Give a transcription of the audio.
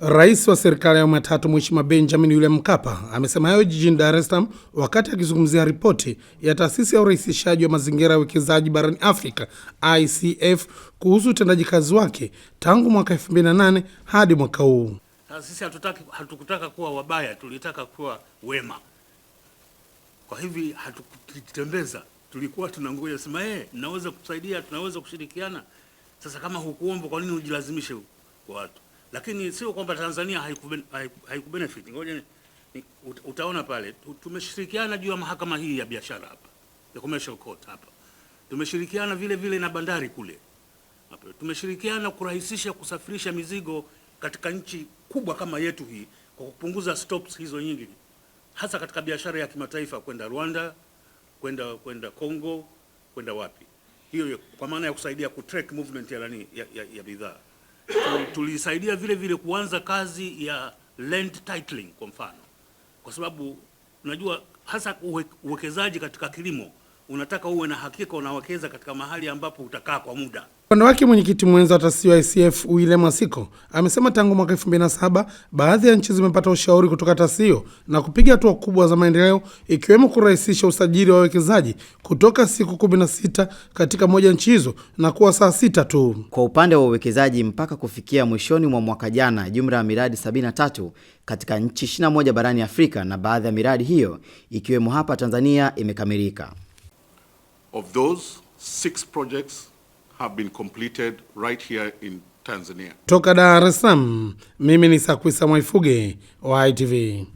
Rais wa serikali ya matatu Mheshimiwa Benjamin William Mkapa amesema hayo jijini Dar es Salaam wakati akizungumzia ripoti ya taasisi ya urahisishaji wa mazingira ya uwekezaji barani Afrika ICF kuhusu utendaji kazi wake tangu mwaka 2008 hadi mwaka huu. Na sisi hatutaki, hatukutaka kuwa wabaya, tulitaka kuwa wema. Kwa hivi hatukutembeza, tulikuwa tunangoja sema eh, naweza kusaidia, tunaweza kushirikiana. Sasa kama hukuomba, kwa nini ujilazimishe kwa watu? lakini sio kwamba Tanzania haikubenefit. Ngoja utaona pale, tumeshirikiana juu ya mahakama hii ya biashara hapa, the commercial court hapa, tumeshirikiana vile vile na bandari kule hapa, tumeshirikiana kurahisisha kusafirisha mizigo katika nchi kubwa kama yetu hii kwa kupunguza stops hizo nyingi, hasa katika biashara ya kimataifa kwenda Rwanda, kwenda kwenda Congo, kwenda wapi, hiyo kwa maana ya kusaidia kutrack movement ya ya, ya, ya bidhaa tulisaidia vile vile kuanza kazi ya land titling kwa mfano, kwa sababu unajua hasa uwekezaji katika kilimo unataka uwe na hakika unawekeza katika mahali ambapo utakaa kwa muda. Upande wake mwenyekiti mwenza wa taasisi ya ICF Wile Masiko amesema tangu mwaka 2007 baadhi ya nchi zimepata ushauri kutoka taasisi hiyo na kupiga hatua kubwa za maendeleo ikiwemo kurahisisha usajili wa wawekezaji kutoka siku 16 katika moja nchi hizo na kuwa saa sita tu. Kwa upande wa uwekezaji, mpaka kufikia mwishoni mwa mwaka jana, jumla ya miradi 73 katika nchi 21 barani Afrika na baadhi ya miradi hiyo ikiwemo hapa Tanzania imekamilika. Of those, six projects have been completed right here in Tanzania. Toka Dar es Salaam, mimi ni Sakwisa Mwaifuge wa ITV.